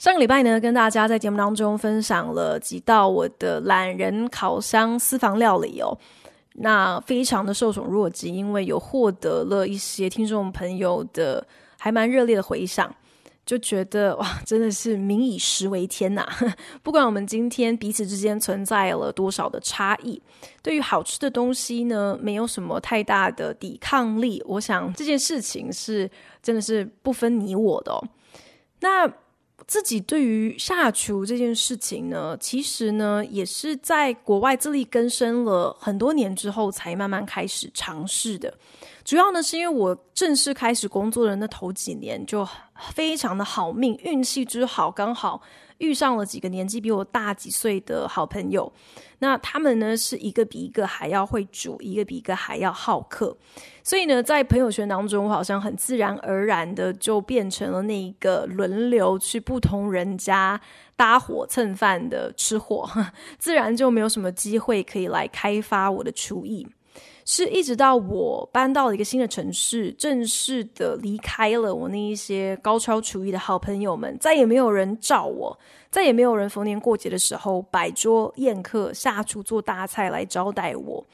上個禮拜呢，跟大家在節目當中分享了幾道我的懶人烤箱私房料理哦，那非常的受寵若驚，因為有獲得了一些聽眾朋友的還蠻熱烈的回響，就覺得哇，真的是民以食為天吶，啊！不管我們今天彼此之間存在了多少的差異，對於好吃的東西呢，沒有什麼太大的抵抗力。我想這件事情是真的是不分你我的哦，那。自己對於下廚這件事情呢，其實呢也是在國外自力更生了很多年之後，才慢慢開始嘗試的。主要呢是因為我正式開始工作的那頭幾年就非常的好命，運氣之好，剛好。遇上了幾個年紀比我大幾歲的好朋友，那他們呢，是一個比一個還要會煮，一個比一個還要好客，所以呢，在朋友圈當中，我好像很自然而然的就變成了那一個輪流去不同人家搭伙蹭飯的吃貨，自然就沒有什麼機會可以來開發我的廚藝。是一直到我搬到了一個新的城市，正式的離開了我那一些高超廚藝的好朋友們，再也沒有人找我，再也沒有人逢年過節的時候擺桌宴客、下廚做大菜來招待我。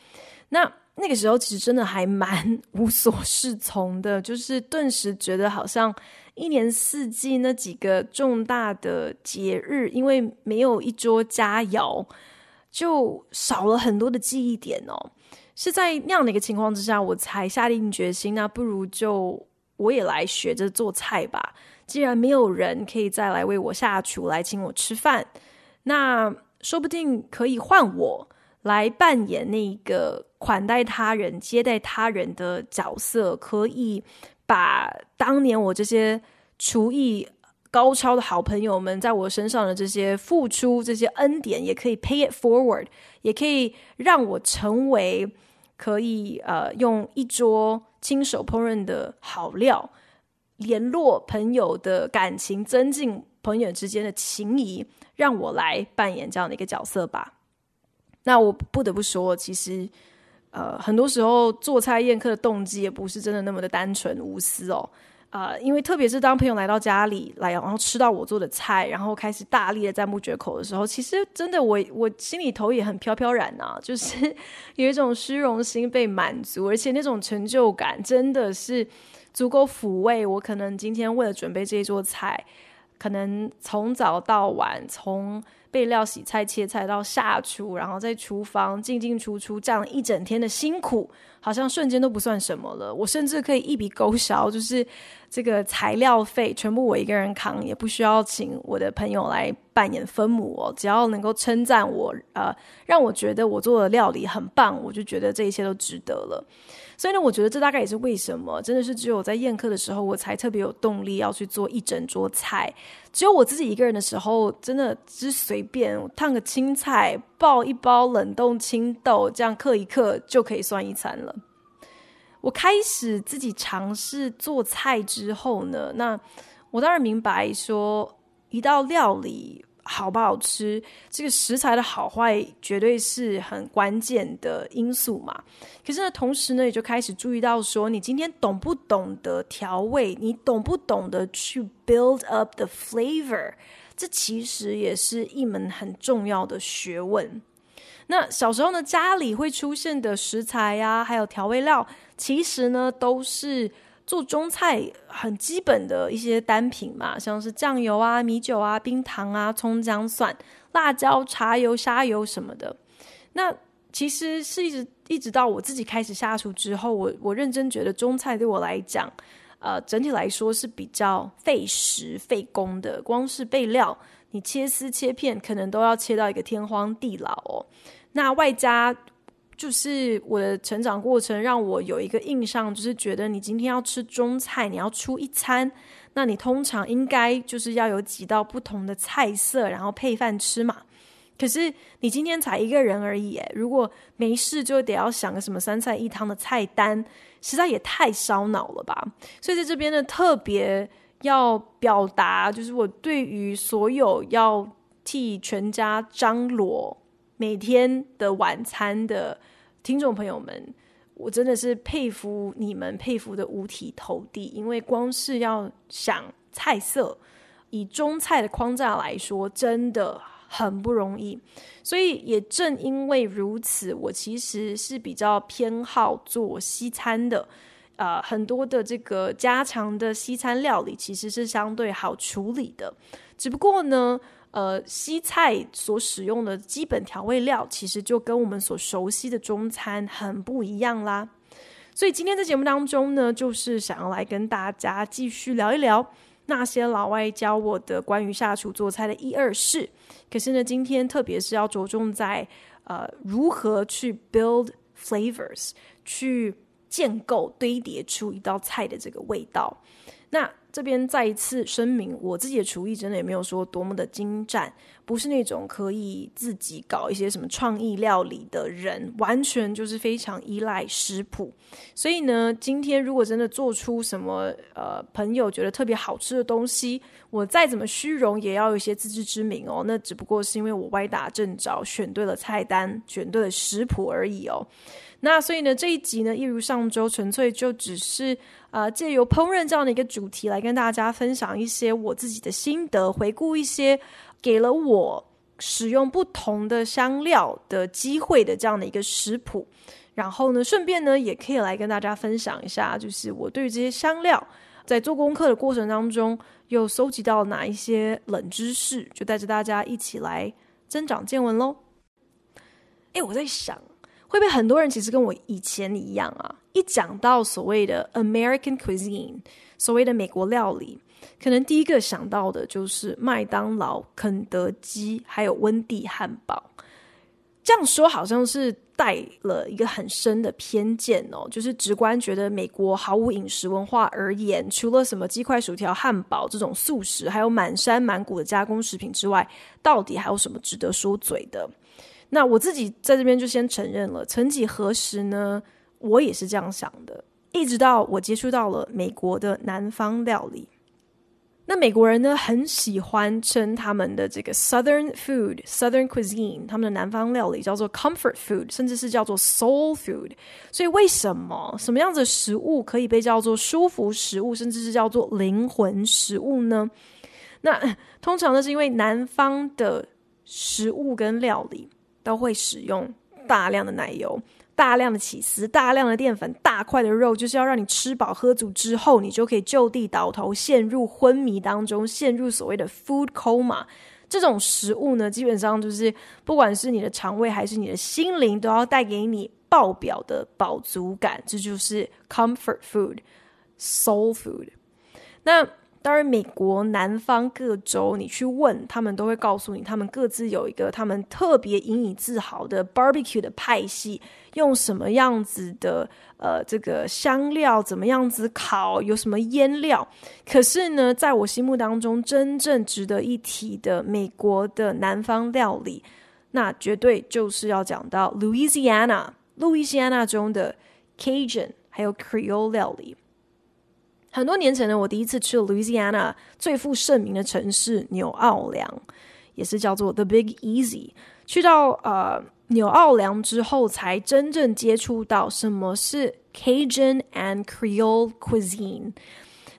那那個時候其實真的還蠻無所適從的，就是頓時覺得好像一年四季那幾個重大的節日，因為沒有一桌佳餚，就少了很多的記憶點哦。是在那樣的一個情況之下，我才下定決心。那不如就我也來學着做菜吧。既然沒有人可以再來為我下廚來請我吃飯，那說不定可以換我來扮演那個款待他人、接待他人的角色，可以把當年我這些廚藝。高超的好朋友們在我身上的這些付出，這些恩典，也可以 pay it forward，也可以讓我成為可以呃用一桌親手烹飪的好料，聯絡朋友的感情，增進朋友之間的情誼，讓我來扮演這樣的一個角色吧。那我不得不說，其實呃，很多時候做菜宴客的動機也不是真的那麼的單純無私哦。啊、呃，因為特別是當朋友來到家裡來，然後吃到我做的菜，然後開始大力的讚不絕口的時候，其實真的我我心裡頭也很飄飄然啊，就是有一種虛榮心被滿足，而且那種成就感真的是足夠撫慰我可能今天為了準備這一桌菜，可能從早到晚，從備料、洗菜、切菜到下廚，然後在廚房進進出出，這樣一整天的辛苦。好像瞬間都不算什麼了，我甚至可以一筆勾銷，就是這個材料費全部我一個人扛，也不需要請我的朋友來扮演分母哦，只要能夠稱讚我，呃，讓我覺得我做的料理很棒，我就覺得這一切都值得了。所以呢，我覺得這大概也是為什麼，真的是只有在宴客的時候，我才特別有動力要去做一整桌菜。只有我自己一個人的時候，真的只隨便燙個青菜。包一包冷凍青豆，這樣刻一刻就可以算一餐了。我開始自己嘗試做菜之後呢，那我當然明白說一道料理好不好吃，這個食材的好壞絕對是很關鍵的因素嘛。可是呢，同時呢，也就開始注意到說，你今天懂不懂得調味，你懂不懂得去 build up the flavor。這其實也是一門很重要的學問。那小時候呢，家裡會出現的食材呀、啊，還有調味料，其實呢都是做中菜很基本的一些單品嘛，像是醬油啊、米酒啊、冰糖啊、蔥薑蒜、辣椒、茶油、蝦油什麼的。那其實是一直一直到我自己開始下廚之後，我我認真覺得中菜對我來講。呃，整體來說是比較費時費工的。光是備料，你切絲切片，可能都要切到一個天荒地老哦。那外加就是我的成長過程，讓我有一個印象，就是覺得你今天要吃中菜，你要出一餐，那你通常應該就是要有幾道不同的菜色，然後配飯吃嘛。可是你今天才一個人而已，如果沒事就得要想個什麼三菜一湯的菜單。實在也太燒腦了吧！所以在這邊呢，特別要表達，就是我對於所有要替全家張羅每天的晚餐的聽眾朋友們，我真的是佩服你們，佩服的五體投地。因為光是要想菜色，以中菜的框架來說，真的。很不容易，所以也正因為如此，我其實是比較偏好做西餐的。呃，很多的這個家常的西餐料理其實是相對好處理的，只不過呢，呃，西菜所使用的基本調味料其實就跟我們所熟悉的中餐很不一樣啦。所以今天的節目當中呢，就是想要來跟大家繼續聊一聊。那些老外教我的關於下廚做菜的一二事，可是呢，今天特別是要着重在，呃，如何去 build flavors，去建構、堆疊出一道菜的這個味道，那。這邊再一次聲明，我自己的廚藝真的也沒有說多麼的精湛，不是那種可以自己搞一些什麼創意料理的人，完全就是非常依賴食譜。所以呢，今天如果真的做出什麼呃朋友覺得特別好吃的東西，我再怎麼虛榮也要有一些自知之明哦。那只不過是因為我歪打正着選對了菜單，選對了食譜而已哦。那所以呢，這一集呢，一如上周，純粹就只是啊，呃，借由烹飪這樣的一個主題來跟大家分享一些我自己的心得，回顧一些給了我使用不同的香料的機會的這樣的一個食譜，然後呢，順便呢，也可以來跟大家分享一下，就是我對於這些香料在做功課的過程當中又蒐集到哪一些冷知識，就帶着大家一起來增長見聞咯。哎，我在想。會不會很多人其實跟我以前一樣啊，一講到所謂的 American cuisine，所謂的美國料理，可能第一個想到的就是麥當勞、肯德基，還有溫蒂漢堡。這樣說好像是帶了一個很深的偏見哦，就是直觀覺得美國毫無飲食文化而言，除了什麼雞塊、薯條、漢堡這種素食，還有滿山滿谷的加工食品之外，到底還有什麼值得說嘴的？那我自己在這邊就先承認了，曾幾何時呢，我也是這樣想的。一直到我接觸到了美國的南方料理，那美國人呢很喜歡稱他們的這個 Southern food、Southern cuisine，他們的南方料理叫做 comfort food，甚至是叫做 soul food。所以為什麼什麼樣的食物可以被叫做舒服食物，甚至是叫做靈魂食物呢？那通常呢是因為南方的食物跟料理。都會使用大量的奶油、大量的起司、大量的澱粉、大塊的肉，就是要讓你吃飽喝足之後，你就可以就地倒頭陷入昏迷當中，陷入所謂的 food coma。這種食物呢，基本上就是不管是你的腸胃還是你的心靈，都要帶給你爆表的飽足感，這就是 comfort food、soul food。那。當然，美國南方各州，你去問他們，都會告訴你，他們各自有一個他們特別引以自豪的 barbecue 的派系，用什麼樣子的呃這個香料，怎麼樣子烤，有什麼醃料。可是呢，在我心目當中，真正值得一提的美國的南方料理，那絕對就是要講到 Louisiana，Louisiana 中的 Cajun 還有 Creole 料理。很多年前呢，我第一次去了路易斯安那最富盛名的城市紐奧良，也是叫做 The Big Easy。去到呃紐奧良之後，才真正接觸到什麼是 Cajun and Creole cuisine。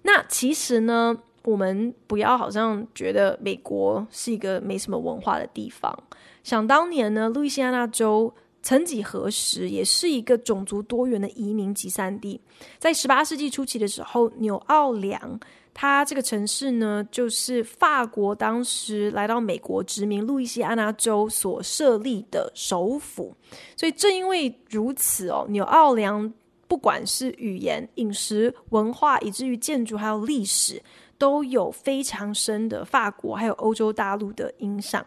那其實呢，我們不要好像覺得美國是一個沒什麼文化的地方。想當年呢，路易斯安那州。曾幾何時，也是一個種族多元的移民集散地。在十八世紀初期的時候，紐奧良，它這個城市呢，就是法國當時來到美國殖民路易斯安那州所設立的首府。所以正因為如此哦，紐奧良不管是語言、飲食、文化，以至於建築還有歷史，都有非常深的法國還有歐洲大陸的影響。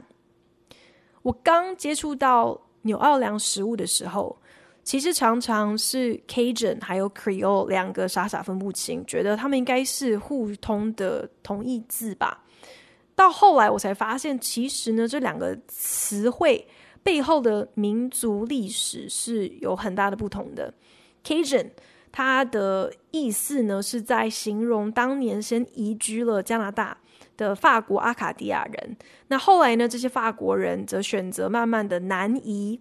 我剛接觸到。紐奧良食物的時候，其實常常是 Cajun 還有 Creole 兩個傻傻分不清，覺得他們應該是互通的同義字吧。到後來我才發現，其實呢，這兩個詞彙背後的民族歷史是有很大的不同的。Cajun 它的意思呢，是在形容當年先移居了加拿大，的法國阿卡迪亞人，那後來呢，這些法國人則選擇慢慢的南移，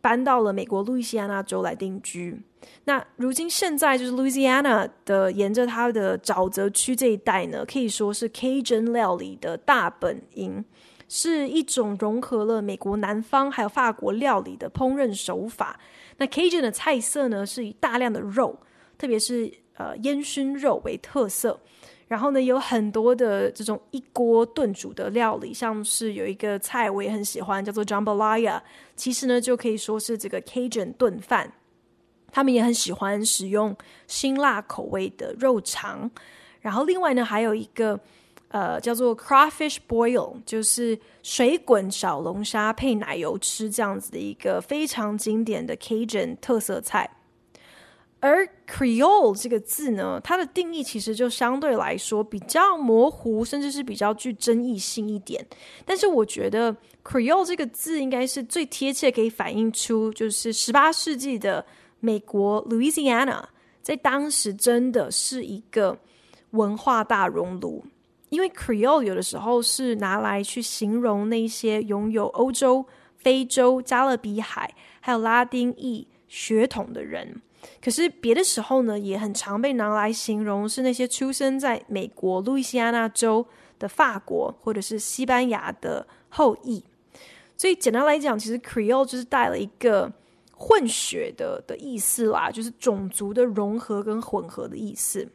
搬到了美國路易斯安那州來定居。那如今現在就是路易斯安那的沿着它的沼澤區這一帶呢，可以說是 Cajun 料理的大本營，是一種融合了美國南方還有法國料理的烹飪手法。那 Cajun 的菜色呢，是以大量的肉，特別是呃煙熏肉為特色。然後呢，有很多的這種一鍋燉煮的料理，像是有一個菜我也很喜歡，叫做 Jambalaya，其實呢就可以說是這個 Cajun 燉飯。他們也很喜歡使用辛辣口味的肉腸。然後另外呢，還有一個呃叫做 Crawfish Boil，就是水滾小龍蝦配奶油吃這樣子的一個非常經典的 Cajun 特色菜。而 Creole 這個字呢，它的定義其實就相對來說比較模糊，甚至是比較具爭議性一點。但是我覺得 Creole 這個字應該是最貼切，可以反映出就是十八世紀的美國 Louisiana 在當時真的是一個文化大熔爐，因為 Creole 有的時候是拿來去形容那些擁有歐洲、非洲、加勒比海還有拉丁裔血統的人。可是別的時候呢，也很常被拿來形容是那些出生在美國路易斯安那州的法國或者是西班牙的後裔。所以簡單來講，其實 Creole 就是帶了一個混血的的意思啦，就是種族的融合跟混合的意思。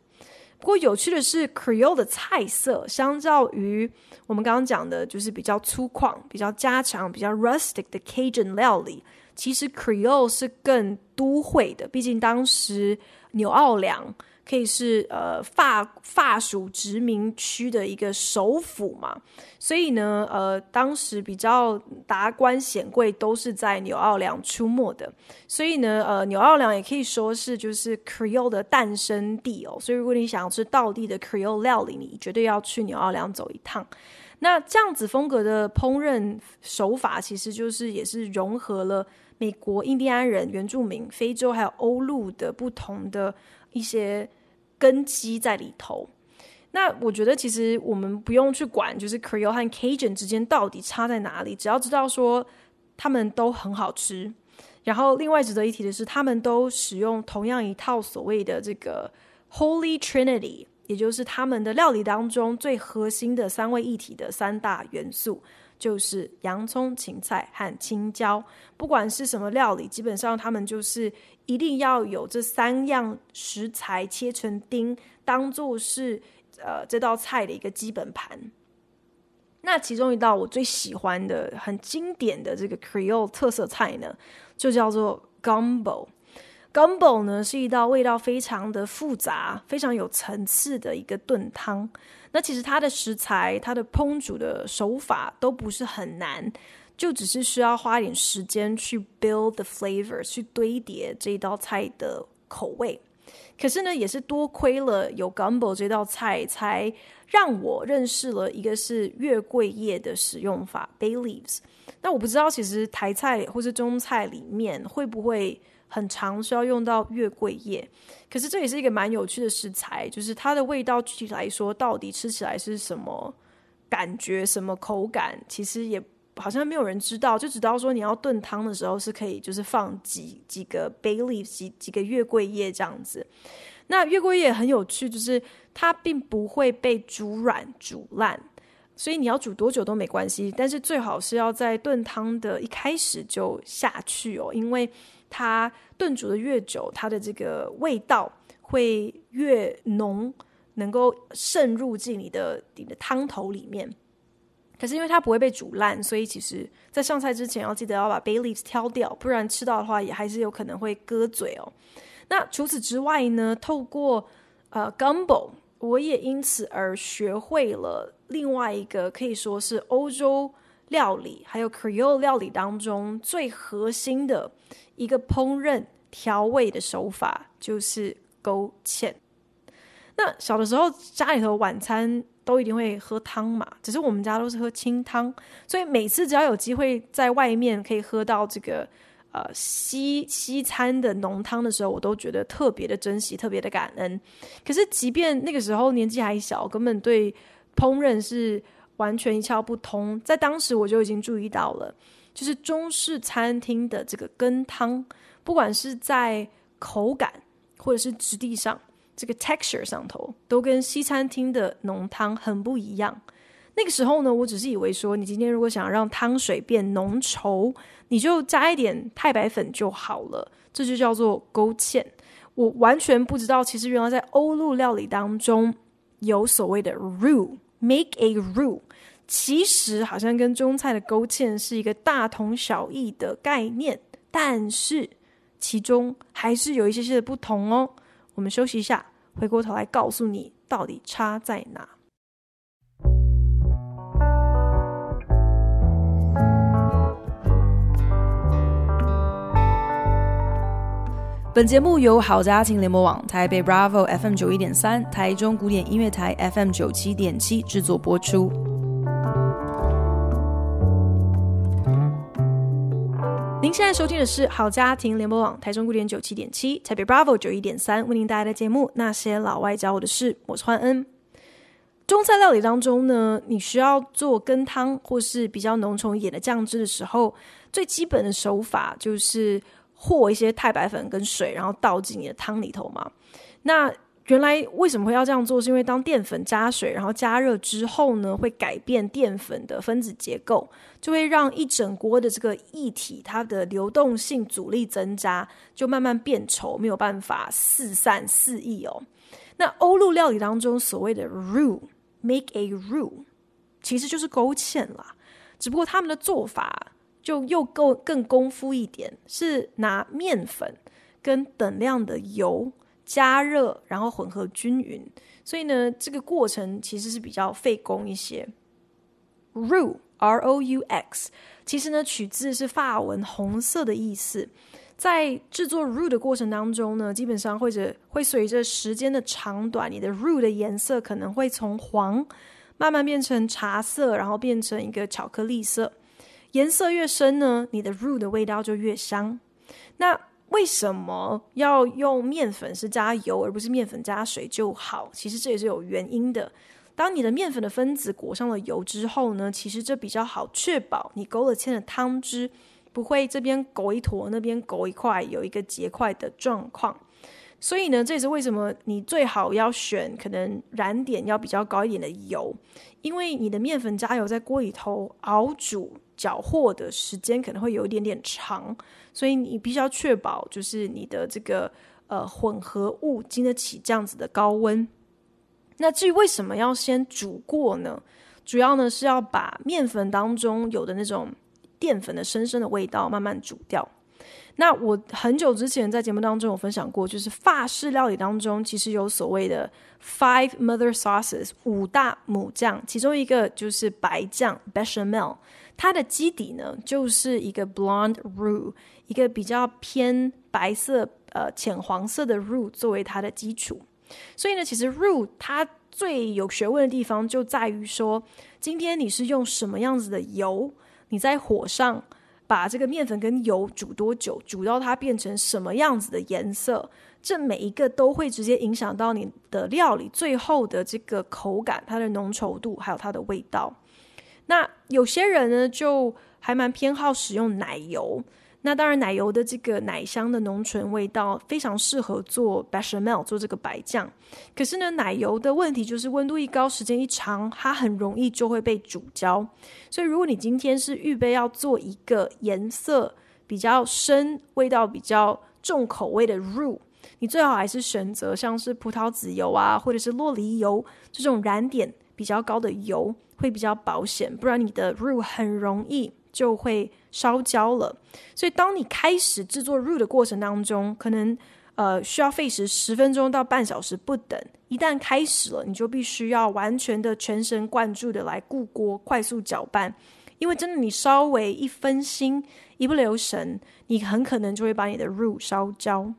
不過有趣的是，Creole 的菜色相較於我們剛剛講的，就是比較粗獷、比較家常、比較 rustic 的 Cajun 料理。其實 Creole 是更都會的，畢竟當時紐奧良可以是呃法法屬殖民區的一個首府嘛，所以呢，呃，當時比較達官顯貴都是在紐奧良出沒的，所以呢，呃，紐奧良也可以說是就是 Creole 的誕生地哦。所以如果你想要吃道地的 Creole 料理，你絕對要去紐奧良走一趟。那這樣子風格的烹飪手法，其實就是也是融合了。美國印第安人、原住民、非洲還有歐陸的不同的一些根基在裡頭。那我覺得，其實我們不用去管就是 Creole 和 Cajun 之間到底差在哪裡，只要知道說他們都很好吃。然後，另外值得一提的是，他們都使用同樣一套所謂的這個 Holy Trinity，也就是他們的料理當中最核心的三位一體的三大元素。就是洋蔥、芹菜和青椒，不管是什麼料理，基本上他們就是一定要有這三樣食材切成丁，當做是呃這道菜的一個基本盤。那其中一道我最喜歡的、很經典的這個 Creole 特色菜呢，就叫做 Gumbo。Gumbo 呢是一道味道非常的複雜、非常有層次的一個燉湯。那其實它的食材，它的烹煮的手法都不是很難，就只是需要花點時間去 build the flavor，去堆疊這一道菜的口味。可是呢，也是多虧了有 gumbo 這道菜，才讓我認識了一個是月桂葉的使用法 bay leaves。那我不知道，其實台菜或是中菜裡面會不會。很長需要用到月桂葉，可是這也是一個蠻有趣的食材，就是它的味道具體來說，到底吃起來是什麼感覺、什麼口感，其實也好像沒有人知道，就知道說你要燉湯的時候是可以，就是放幾幾個 bay l e a 幾幾個月桂葉這樣子。那月桂葉很有趣，就是它並不會被煮軟、煮爛，所以你要煮多久都沒關係，但是最好是要在燉湯的一開始就下去哦，因為。它燉煮的越久，它的這個味道會越濃，能夠滲入進你的你的湯頭裡面。可是因為它不會被煮爛，所以其實，在上菜之前要記得要把 bay leaves 挑掉，不然吃到的話也還是有可能會割嘴哦。那除此之外呢，透過呃 gumbo，我也因此而學會了另外一個可以說是歐洲料理還有 Creole 料理當中最核心的。一個烹飪調味的手法就是勾芡。那小的時候家裡頭晚餐都一定會喝湯嘛，只是我們家都是喝清湯，所以每次只要有機會在外面可以喝到這個呃西西餐的濃湯的時候，我都覺得特別的珍惜，特別的感恩。可是即便那個時候年紀還小，根本對烹飪是。完全一竅不通，在當時我就已經注意到了，就是中式餐廳的這個羹湯，不管是在口感或者是質地上，這個 texture 上頭，都跟西餐廳的濃湯很不一樣。那個時候呢，我只是以為說，你今天如果想要讓湯水變濃稠，你就加一點太白粉就好了，這就叫做勾芡。我完全不知道，其實原來在歐陸料理當中有所謂的 roux Make a roux，其實好像跟中菜的勾芡是一個大同小異的概念，但是其中還是有一些些的不同哦。我們休息一下，回過頭來告訴你到底差在哪。本節目由好家庭聯播網、台北 Bravo FM 九一點三、台中古典音樂台 FM 九七點七制作播出。您現在收聽的是好家庭聯播網台中古典九七點七、台北 Bravo 九一點三為您帶來的節目《那些老外教我的事》，我是煥恩。中菜料理當中呢，你需要做羹湯或是比較濃稠一點的醬汁的時候，最基本的手法就是。和一些太白粉跟水，然後倒進你的湯裡頭嘛。那原來為什麼會要這樣做？是因為當澱粉加水，然後加熱之後呢，會改變澱粉的分子結構，就會讓一整鍋的這個液體它的流動性阻力增加，就慢慢變稠，沒有辦法四散四溢哦。那歐陸料理當中所謂的 roux，make a roux，其實就是勾芡啦，只不過他們的做法。就又夠更功夫一點，是拿麵粉跟等量的油加熱，然後混合均勻。所以呢，這個過程其實是比較費工一些。Roux，R O U X，其實呢，取自是法文“紅色”的意思。在製作 roux 的過程當中呢，基本上或者會隨着時間的長短，你的 roux 的顏色可能會從黃慢慢變成茶色，然後變成一個巧克力色。顏色越深呢，你的肉的味道就越香。那為什麼要用麵粉是加油而不是麵粉加水就好？其實這也是有原因的。當你的麵粉的分子裹上了油之後呢，其實這比較好確保你勾了芡的湯汁不會這邊勾一坨，那邊勾一塊，有一個結塊的狀況。所以呢，這也是為什麼你最好要選可能燃點要比較高一點的油，因為你的麵粉加油在鍋裡頭熬煮。攪和的時間可能會有一點點長，所以你必須要確保，就是你的這個呃混合物經得起這樣子的高溫。那至於為什麼要先煮過呢？主要呢是要把麵粉當中有的那種澱粉的生生的味道慢慢煮掉。那我很久之前在節目當中有分享過，就是法式料理當中其實有所謂的 five mother sauces 五大母醬，其中一個就是白醬 bechamel。Be 它的基底呢，就是一個 blonde roux，一個比較偏白色、呃淺黃色的 roux 作為它的基礎。所以呢，其實 roux 它最有學問的地方就在於說，今天你是用什麼樣子的油，你在火上把這個麵粉跟油煮多久，煮到它變成什麼樣子的顏色，這每一個都會直接影響到你的料理最後的這個口感、它的濃稠度，還有它的味道。那有些人呢，就還蠻偏好使用奶油。那當然，奶油的這個奶香的濃醇味道非常適合做 bechamel 做這個白醬。可是呢，奶油的問題就是溫度一高，時間一長，它很容易就會被煮焦。所以，如果你今天是預備要做一個顏色比較深、味道比較重口味的 roux，你最好還是選擇像是葡萄籽油啊，或者是酪梨油這種燃點比較高的油。會比較保險，不然你的 roux 很容易就會燒焦了。所以，當你開始制作 roux 的過程當中，可能呃需要費時十分鐘到半小時不等。一旦開始了，你就必須要完全的全神貫注的來顧鍋，快速攪拌，因為真的你稍微一分心，一不留神，你很可能就會把你的 roux 燒焦。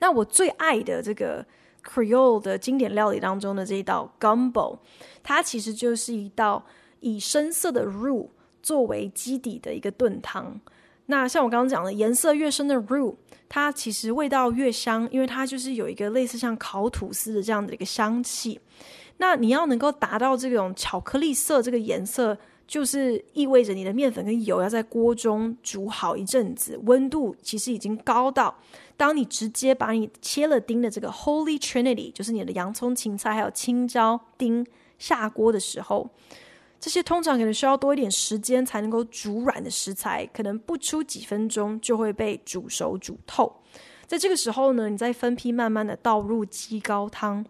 那我最愛的這個。Creole 的經典料理當中的這一道 Gumbo，它其實就是一道以深色的 roux 作為基底的一個燉湯。那像我剛剛講的，顏色越深的 roux，它其實味道越香，因為它就是有一個類似像烤吐司的這樣的一個香氣。那你要能夠達到這種巧克力色這個顏色，就是意味着你的麵粉跟油要在鍋中煮好一陣子，溫度其實已經高到。當你直接把你切了丁的這個 Holy Trinity，就是你的洋蔥、芹菜還有青椒丁下鍋的時候，這些通常可能需要多一點時間才能夠煮軟的食材，可能不出幾分鐘就會被煮熟煮透。在這個時候呢，你再分批慢慢的倒入雞高湯，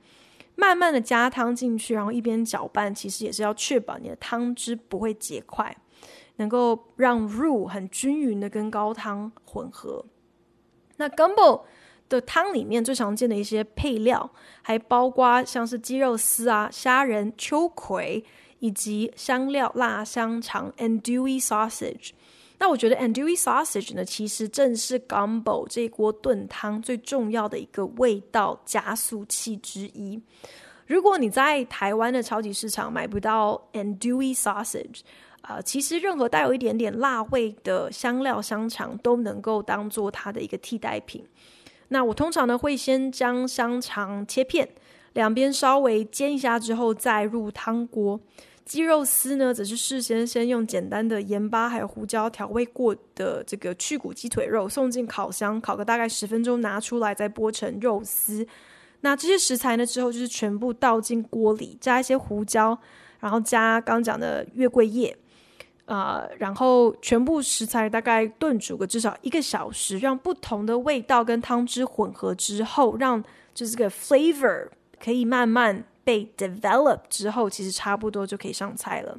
慢慢的加湯進去，然後一邊攪拌，其實也是要確保你的湯汁不會結塊，能夠讓肉很均勻的跟高湯混合。那 gumbo 的湯裡面最常見的一些配料，還包括像是雞肉絲啊、蝦仁、秋葵，以及香料、辣香腸 a n d o u e sausage）。那我覺得 a n d o u e sausage 呢，其實正是 gumbo 這一鍋燉湯最重要的一個味道加速器之一。如果你在台灣的超級市場買不到 a n d o u e sausage，呃，其實任何帶有一點點辣味的香料香腸都能夠當做它的一個替代品。那我通常呢，會先將香腸切片，兩邊稍微煎一下之後再入湯鍋。雞肉絲呢則是事先先用簡單的鹽巴還有胡椒調味過的這個去骨雞腿肉，送進烤箱烤個大概十分鐘，拿出來再剝成肉絲。那這些食材呢，之後就是全部倒進鍋裡，加一些胡椒，然後加剛講的月桂葉。啊、呃，然後全部食材大概燉煮個至少一個小時，讓不同的味道跟湯汁混合之後，讓就是這個 flavor 可以慢慢被 develop 之後，其實差不多就可以上菜了。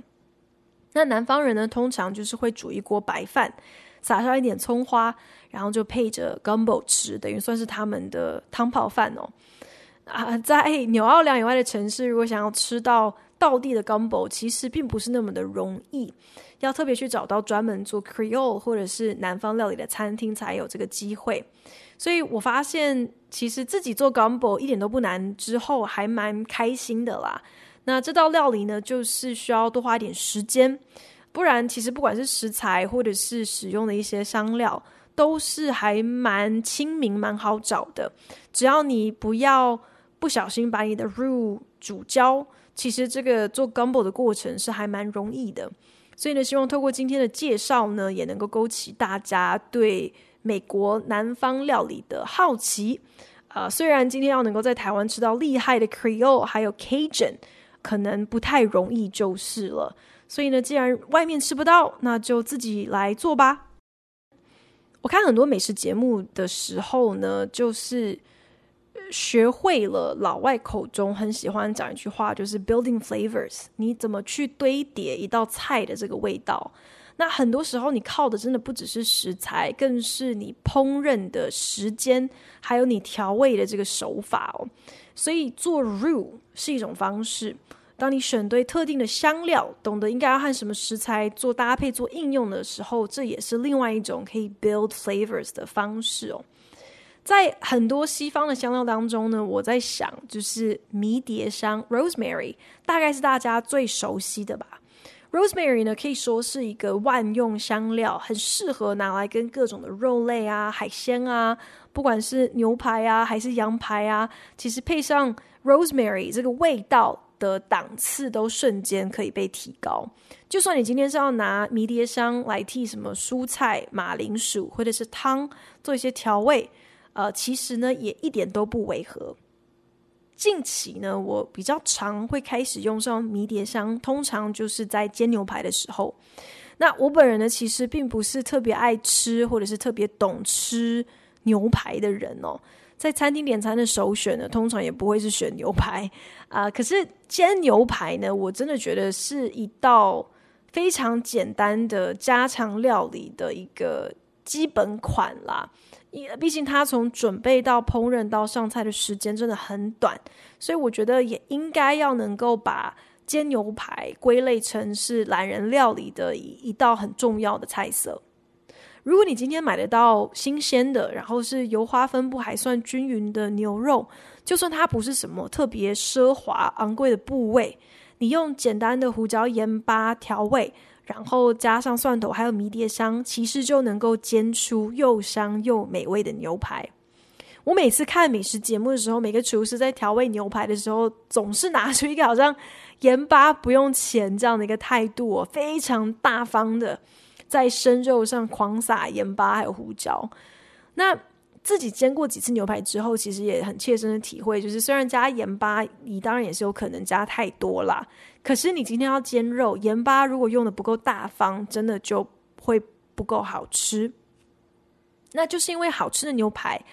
那南方人呢，通常就是會煮一鍋白飯，撒上一點蔥花，然後就配着 gumbo 吃，等於算是他們的湯泡飯哦。啊、呃，在紐奧良以外的城市，如果想要吃到道地的 gumbo，其實並不是那麼的容易。要特別去找到專門做 Creole 或者是南方料理的餐廳才有這個機會，所以我發現其實自己做 Gumbo 一點都不難，之後還蠻開心的啦。那這道料理呢，就是需要多花一點時間，不然其實不管是食材或者是使用的一些香料，都是還蠻親民、蠻好找的。只要你不要不小心把你的 roux 煮焦，其實這個做 Gumbo 的過程是還蠻容易的。所以呢，希望透過今天的介紹呢，也能夠勾起大家對美國南方料理的好奇。呃，雖然今天要能夠在台灣吃到厲害的 Creole 還有 Cajun，可能不太容易，就是了容易就是了。所以呢，既然外面吃不到，那就自己來做吧。我看很多美食節目的時候呢，就是。學會了老外口中很喜歡講一句話，就是 building flavors。你怎麼去堆疊一道菜的這個味道？那很多時候你靠的真的不只是食材，更是你烹飪的時間，還有你調味的這個手法哦。所以做 roux 是一種方式。當你選對特定的香料，懂得應該要和什麼食材做搭配、做應用的時候，這也是另外一種可以 build flavors 的方式哦。在很多西方的香料當中呢，我在想，就是迷迭香 （rosemary） 大概是大家最熟悉的吧。rosemary 呢，可以說是一個萬用香料，很適合拿來跟各種的肉類啊、海鮮啊，不管是牛排啊還是羊排啊，其實配上 rosemary 這個味道的檔次都瞬間可以被提高。就算你今天是要拿迷迭香來替什麼蔬菜、馬鈴薯或者是湯做一些調味。呃，其實呢，也一點都不違和。近期呢，我比較常會開始用上迷迭香，通常就是在煎牛排的時候。那我本人呢，其實並不是特別愛吃或者是特別懂吃牛排的人哦。在餐廳點餐的首選呢，通常也不會是選牛排啊。呃，可是煎牛排呢，我真的覺得是一道非常簡單的家常料理的一個基本款啦。因畢竟它從準備到烹飪到上菜的時間真的很短，所以我覺得也應該要能夠把煎牛排歸類成是懶人料理的一一道很重要的菜色。如果你今天買得到新鮮的，然後是油花分布還算均勻的牛肉，就算它不是什麼特別奢華昂貴的部位，你用簡單的胡椒鹽巴調味。然後加上蒜頭，還有迷迭香，其實就能夠煎出又香又美味的牛排。我每次看美食節目的時候，每個廚師在調味牛排的時候，總是拿出一個好像鹽巴不用錢這樣的一個態度哦，非常大方的在生肉上狂撒鹽巴還有胡椒。那自己煎過幾次牛排之後，其實也很切身的體會，就是雖然加鹽巴，你當然也是有可能加太多啦。可是你今天要煎肉，鹽巴如果用得不夠大方，真的就會不夠好吃。那就是因為好吃的牛排，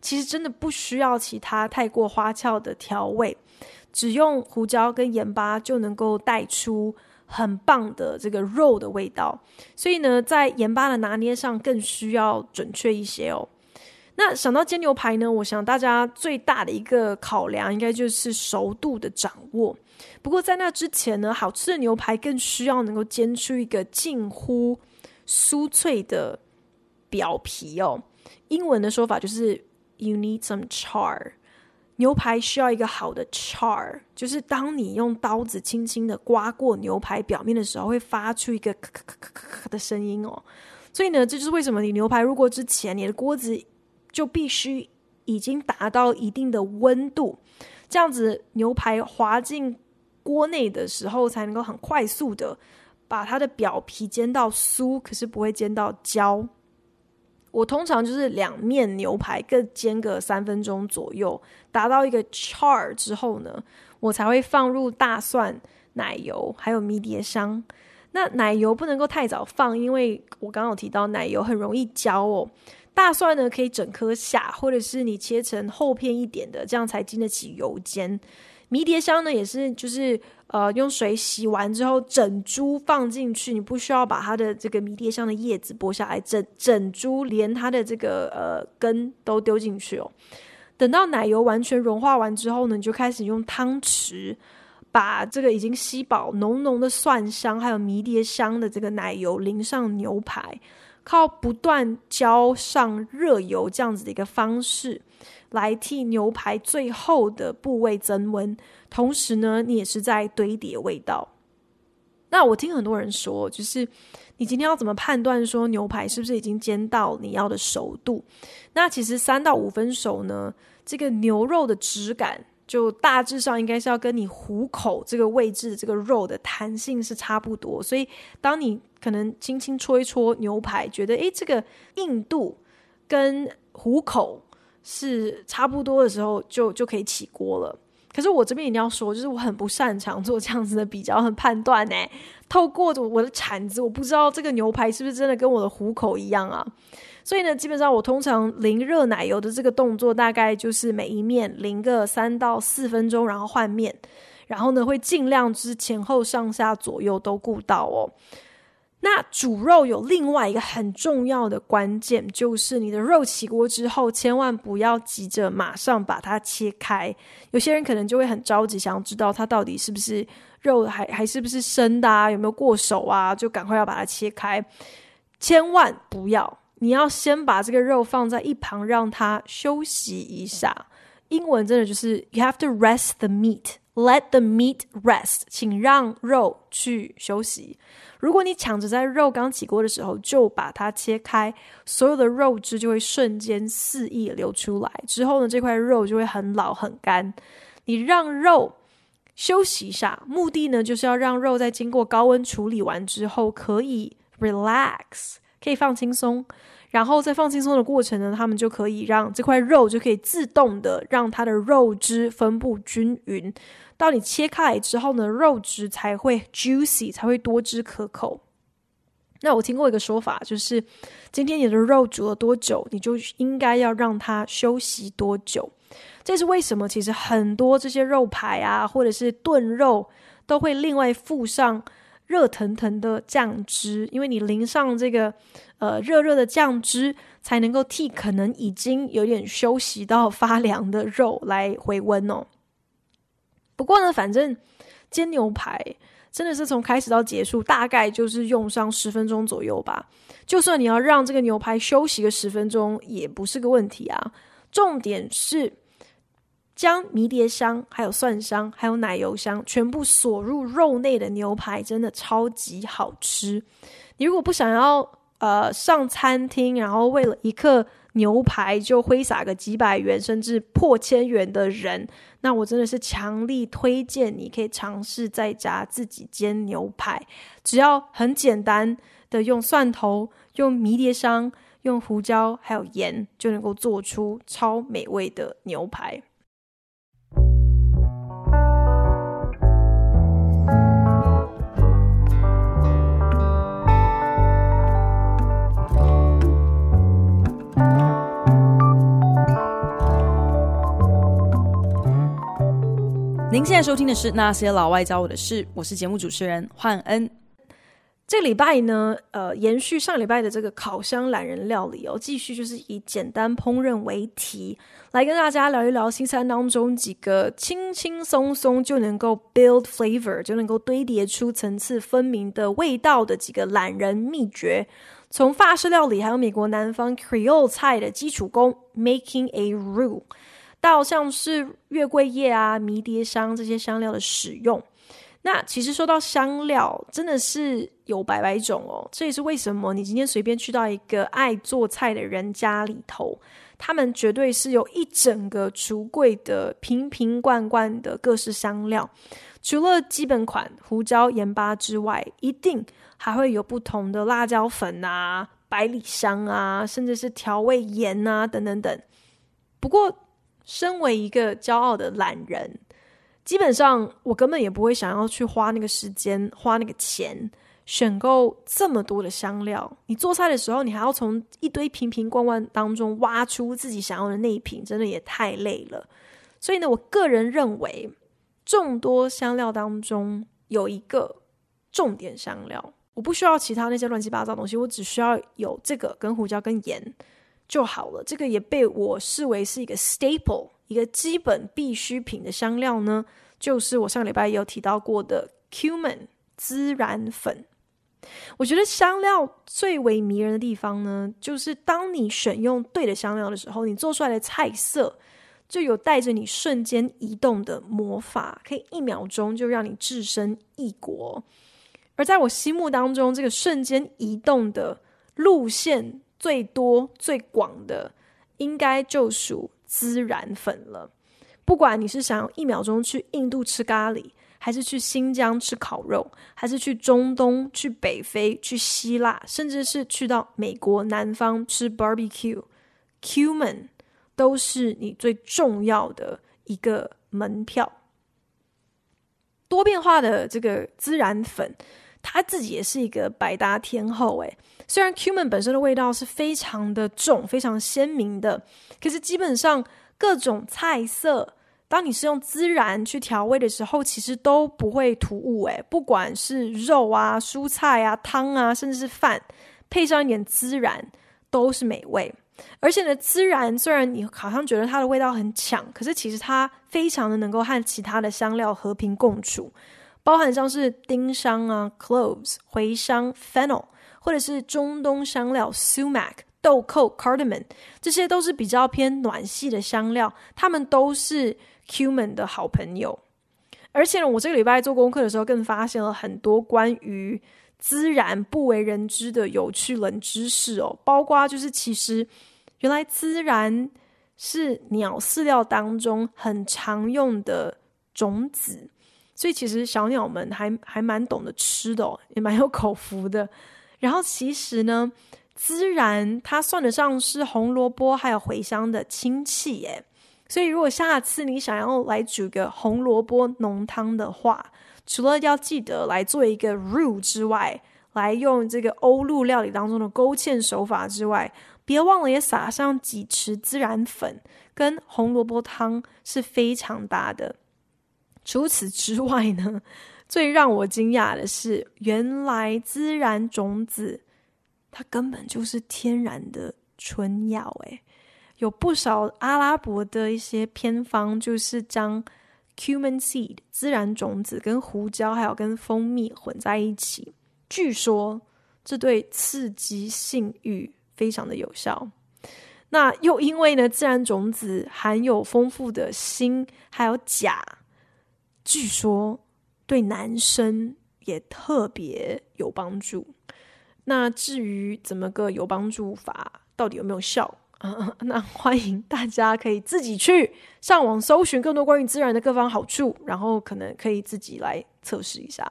其實真的不需要其他太過花俏的調味，只用胡椒跟鹽巴就能夠帶出很棒的這個肉的味道。所以呢，在鹽巴的拿捏上更需要準確一些哦。那想到煎牛排呢，我想大家最大的一個考量，應該就是熟度的掌握。不過在那之前呢，好吃的牛排更需要能夠煎出一個近乎酥脆的表皮哦。英文的說法就是 “you need some char”，牛排需要一個好的 char，就是當你用刀子輕輕的刮過牛排表面的時候，會發出一個咔咔咔咔咔的聲音哦。所以呢，這就是為什麼你牛排入鍋之前，你的鍋子，就必須已經達到一定的溫度，這樣子牛排滑進鍋內的時候，才能夠很快速的把它的表皮煎到酥，可是不會煎到焦。我通常就是兩面牛排各煎個三分鐘左右，達到一個 char 之後呢，我才會放入大蒜、奶油還有迷迭香。那奶油不能夠太早放，因為我剛剛有提到奶油很容易焦哦。大蒜呢，可以整顆下，或者是你切成厚片一點的，這樣才經得起油煎。迷迭香呢，也是就是呃，用水洗完之後，整株放進去，你不需要把它的這個迷迭香的葉子剝下來，整整株連它的這個呃根都丟進去哦。等到奶油完全融化完之後呢，你就開始用湯匙把這個已經吸飽濃濃的蒜香還有迷迭香的這個奶油淋上牛排。靠不斷澆上熱油這樣子的一個方式，來替牛排最後的部位增溫，同時呢，你也是在堆疊味道。那我聽很多人說，就是你今天要怎麼判斷說牛排是不是已經煎到你要的熟度？那其實三到五分熟呢，這個牛肉的質感。就大致上應該是要跟你虎口這個位置這個肉的彈性是差不多，所以當你可能輕輕搓一搓牛排，覺得哎這個硬度跟虎口是差不多的時候就，就就可以起鍋了。可是我這邊一定要說，就是我很不擅長做這樣子的比較和判斷呢、欸。透過我的鏟子，我不知道這個牛排是不是真的跟我的虎口一樣啊。所以呢，基本上我通常淋熱奶油的這個動作，大概就是每一面淋個三到四分鐘，然後換面，然後呢會盡量之前後上下左右都顧到哦。那煮肉有另外一個很重要的關鍵，就是你的肉起鍋之後，千萬不要急着馬上把它切開。有些人可能就會很着急，想要知道它到底是不是肉還還是不是生的啊，有沒有過手啊，就趕快要把它切開，千萬不要。你要先把這個肉放在一旁，讓它休息一下。英文真的就是 “you have to rest the meat, let the meat rest”。請讓肉去休息。如果你搶着在肉剛起鍋的時候就把它切開，所有的肉汁就會瞬間四溢流出來。之後呢，這塊肉就會很老很乾。你讓肉休息一下，目的呢就是要讓肉在經過高溫處理完之後可以 relax。可以放輕鬆，然後在放輕鬆的過程呢，他們就可以讓這塊肉就可以自動的讓它的肉汁分布均勻。到你切開來之後呢，肉汁才會 juicy，才會多汁可口。那我聽過一個說法，就是今天你的肉煮了多久，你就應該要讓它休息多久。這是為什麼？其實很多這些肉排啊，或者是燉肉，都會另外附上。熱騰騰的醬汁，因為你淋上這個，呃，熱熱的醬汁，才能夠替可能已經有點休息到發涼的肉來回溫哦。不過呢，反正煎牛排真的是從開始到結束，大概就是用上十分鐘左右吧。就算你要讓這個牛排休息個十分鐘，也不是個問題啊。重點是，將迷迭香，還有蒜香，還有奶油香全部鎖入肉內的牛排，真的超級好吃。你如果不想要呃上餐廳，然後為了一客牛排就揮灑個幾百元甚至破千元的人，那我真的是強力推薦你可以嘗試在家自己煎牛排。只要很簡單的用蒜頭、用迷迭香，用胡椒還有鹽，就能夠做出超美味的牛排。現在收聽的是《那些老外教我的事》，我是節目主持人煥恩。這禮拜呢，呃，延續上禮拜的這個“烤箱懶人料理”，哦，繼續就是以簡單烹飪為題，來跟大家聊一聊西餐當中幾個輕輕鬆鬆就能夠 build flavor，就能夠堆疊出層次分明的味道的幾個懶人秘訣。從法式料理，還有美國南方 Creole 菜的基礎功 making a r u l e 到像是月桂葉啊、迷迭香這些香料的使用，那其實說到香料，真的是有百百種哦。這也是為什麼你今天隨便去到一個愛做菜的人家裡頭，他們絕對是有一整個櫥櫃的瓶瓶罐罐的各式香料。除了基本款胡椒、鹽巴之外，一定還會有不同的辣椒粉啊、百里香啊，甚至是調味鹽啊等等等。不過，身為一個驕傲的懶人，基本上我根本也不會想要去花那個時間、花那個錢選購這麼多的香料。你做菜的時候，你還要從一堆瓶瓶罐罐當中挖出自己想要的那一瓶，真的也太累了。所以呢，我個人認為，眾多香料當中有一個重點香料，我不需要其他那些亂七八糟東西，我只需要有這個跟胡椒跟鹽。就好了，這個也被我視為是一個 staple，一個基本必需品的香料呢，就是我上個禮拜也有提到過的 cumin，孜然粉。我覺得香料最為迷人的地方呢，就是當你選用對的香料的時候，你做出來的菜色就有帶着你瞬間移動的魔法，可以一秒鐘就讓你置身異國。而在我心目當中，這個瞬間移動的路線，最多最廣的，應該就屬孜然粉了。不管你是想要一秒鐘去印度吃咖喱，還是去新疆吃烤肉，還是去中東、去北非、去希臘，甚至是去到美國南方吃 barbecue，cumin 都是你最重要的一個門票。多變化的這個孜然粉。它自己也是一個百搭天后哎，雖然 cumin 本身的味道是非常的重、非常鮮明的，可是基本上各種菜色，當你是用孜然去調味的時候，其實都不會突兀哎，不管是肉啊、蔬菜啊、湯啊，甚至是飯，配上一點孜然都是美味。而且呢，孜然雖然你好像覺得它的味道很強，可是其實它非常的能夠和其他的香料和平共處。包含像是丁香啊、cloves 茴香、fennel，或者是中東香料 sumac、豆蔻 cardamom，這些都是比較偏暖系的香料，他們都是 cumin 的好朋友。而且呢，我這個禮拜做功課的時候，更發現了很多關於孜然不為人知的有趣冷知識哦，包括就是其實原來孜然是鳥飼料當中很常用的種子。所以其實小鳥們還還蠻懂得吃的哦，也蠻有口福的。然後其實呢，孜然它算得上是紅蘿蔔還有茴香的親戚耶。所以如果下次你想要來煮個紅蘿蔔濃湯的話，除了要記得來做一個 roux 之外，來用這個歐陸料理當中的勾芡手法之外，別忘了也撒上幾匙孜然粉，跟紅蘿蔔湯是非常搭的。除此之外呢，最讓我驚訝的是，原來孜然種子它根本就是天然的春藥誒，有不少阿拉伯的一些偏方，就是將 cumin seed 孜然種子跟胡椒還有跟蜂蜜混在一起，據說這對刺激性慾非常的有效。那又因為呢，孜然種子含有豐富的鋅還有鉀。據說對男生也特別有幫助。那至於怎麼個有幫助法，到底有沒有效？嗯，那歡迎大家可以自己去上網搜尋更多關於自然的各方好處，然後可能可以自己來測試一下。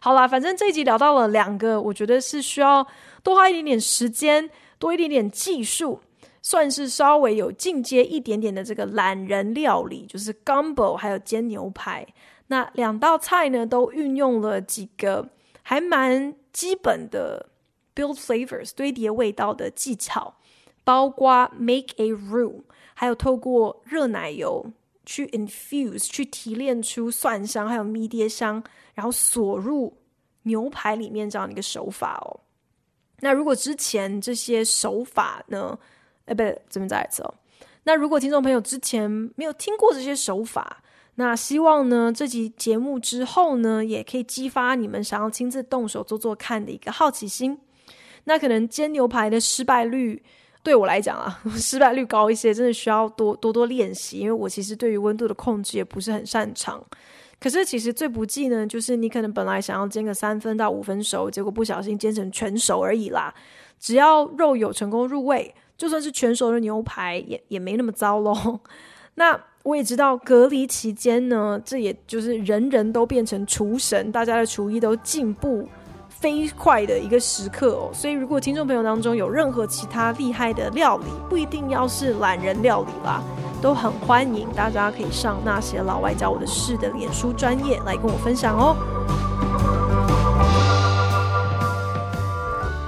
好啦，反正這一集聊到了兩個，我覺得是需要多花一點點時間，多一點點技術。算是稍微有進階一點點的這個懶人料理，就是 gumbo 還有煎牛排。那兩道菜呢，都運用了幾個還蠻基本的 build flavors 堆疊味道的技巧，包括 make a roux，還有透過熱奶油去 infuse 去提煉出蒜香還有迷迭香，然後鎖入牛排裡面這樣的一個手法哦。那如果之前這些手法呢？哎，不對，這邊再來一次哦。那如果聽眾朋友之前沒有聽過這些手法，那希望呢，這集節目之後呢，也可以激發你們想要親自動手做做看的一個好奇心。那可能煎牛排的失敗率對我來講啊，失敗率高一些，真的需要多多多練習，因為我其實對於溫度的控制也不是很擅長。可是其實最不濟呢，就是你可能本來想要煎個三分到五分熟，結果不小心煎成全熟而已啦。只要肉有成功入味，就算是全熟的牛排，也也沒那麼糟咯。 那我也知道，隔離期間呢，這也就是人人都變成廚神，大家的廚藝都進步飛快的一個時刻哦。所以，如果聽眾朋友當中有任何其他厲害的料理，不一定要是懶人料理啦，都很歡迎大家可以上那些老外教我的事的臉書專頁來跟我分享哦。